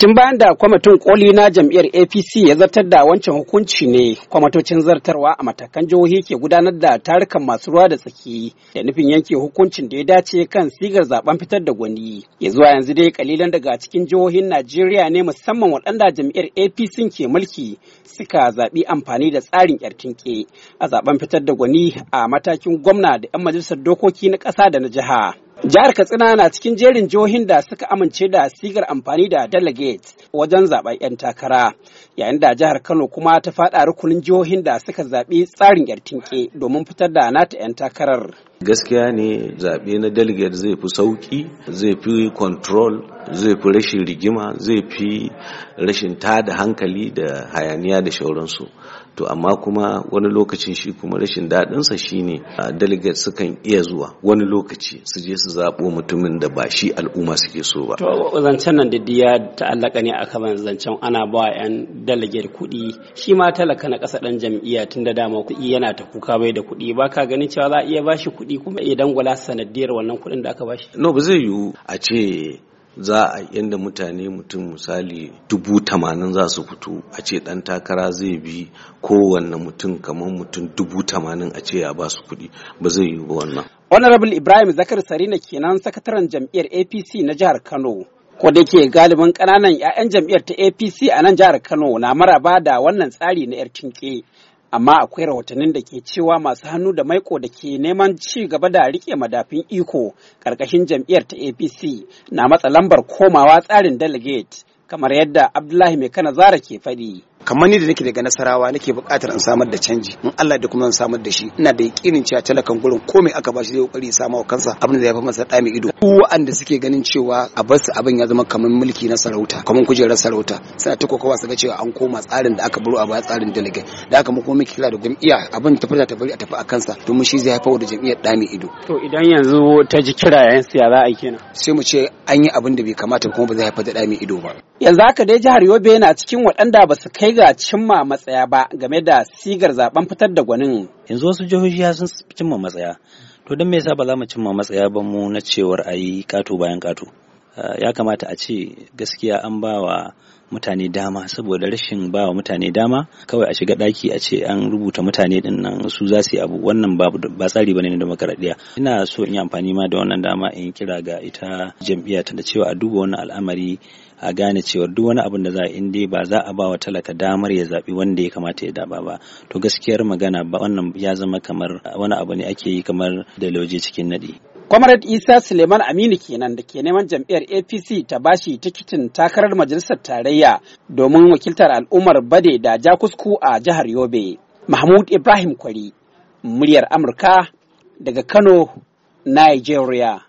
Tun bayan da kwamitin koli na jam'iyyar APC ya zartar da wancan hukunci ne kwamitocin zartarwa a matakan jihohi ke gudanar da tarukan masu ruwa da tsaki da nufin yanke hukuncin da ya dace kan sigar zaben fitar da gwani. Ya zuwa yanzu dai kalilan daga cikin jihohin Najeriya ne musamman waɗanda jam'iyyar APC ke mulki suka zaɓi amfani da tsarin yar a zaben fitar da gwani a matakin gwamna da 'yan majalisar dokoki na ƙasa da na jiha. Jihar Katsina na cikin jerin jihohin da suka amince da sigar amfani da delegate wajen zaben 'yan takara, yayin da jihar Kano kuma ta faɗa rukunin jihohin da suka zaɓi tsarin 'yar domin fitar da nata 'yan takarar. gaskiya ne zaɓe na delegate zai fi sauƙi zai fi control zai fi rashin rigima zai fi rashin tada hankali da hayaniya da shauransu to amma kuma wani lokacin shi kuma rashin daɗinsa shine delegate sukan iya zuwa wani lokaci su je su zaɓo mutumin da ba shi al'umma suke so ba. to zancen nan da diya ta'allaka ne a kamar zancen ana ba 'yan delegate kuɗi shi ma talaka na ƙasa ɗan jam'iyya tun da dama kuɗi yana ta kuka bai da kuɗi ba ka ganin cewa za a iya ba shi kuɗi kuɗi kuma ya dangwala sanadiyar wannan kuɗin da aka bashi no ba zai yiwu a ce za a yadda mutane mutum misali dubu tamanin za su fito a ce ɗan takara zai bi kowanne mutum kamar mutum dubu tamanin a ce ya ba su kuɗi ba zai yiwu ba wannan. honorable ibrahim zakar sarina kenan sakataren jam'iyyar apc na jihar kano ko da ke galibin ƙananan 'ya'yan jam'iyyar ta apc a nan jihar kano na maraba da wannan tsari na 'yar tinke amma akwai rahotannin da ke cewa masu hannu da maiko da ke neman ci gaba da rike madafin iko karkashin jam'iyyar ta apc na matsa lambar komawa tsarin delegate kamar yadda abdullahi mai kana zara ke faɗi. kamar ni da nake daga nasarawa nake buƙatar in samar da canji in Allah da kuma in samar da shi ina da yakinin cewa talakan gurin ko mai aka bashi zai kokari ya sama kansa abin da ya fi masa da mai ido ku wa'anda suke ganin cewa a bar su abin ya zama kamar mulki na sarauta kamar kujerar sarauta suna ta kokawa su ga cewa an koma tsarin da aka buru a baya tsarin delegate da aka mu kuma kira da jam'iyya abin ta fita ta bari a tafi a kansa domin shi zai haifar da jam'iyyar da mai ido to idan yanzu ta ji kira yan siya za a yi kenan sai mu ce an yi abin da bai kamata kuma ba zai haifar da mai ido ba yanzu haka dai jihar Yobe yana cikin waɗanda ba su kai ga cimma matsaya ba game da sigar zaben fitar da gwanin. Yanzu wasu jihohi sun cimma matsaya. To don me yasa ba za mu cimma matsaya ba mu na cewar a yi kato bayan kato. Ya kamata a ce gaskiya an ba wa mutane dama saboda rashin ba wa mutane dama kawai a shiga daki a ce an rubuta mutane din nan su za su yi abu wannan ba tsari bane na demokaradiyya ina so in yi amfani ma da wannan dama in kira ga ita jam'iyya ta da cewa a duba wannan al'amari a gane cewa duk wani abin da za a in dai ba za a ba wa talaka damar ya zaɓi wanda ya kamata ya daba ba to gaskiyar magana ba wannan ya zama kamar wani abu ne ake yi kamar da lauje cikin nadi. Comrade Isa Suleiman Aminu kenan da ke neman jam'iyyar APC ta bashi tikitin takarar majalisar tarayya domin wakiltar al'ummar Bade da Jakusku a jihar Yobe. Mahmud Ibrahim Kwari, muryar Amurka daga Kano, Nigeria.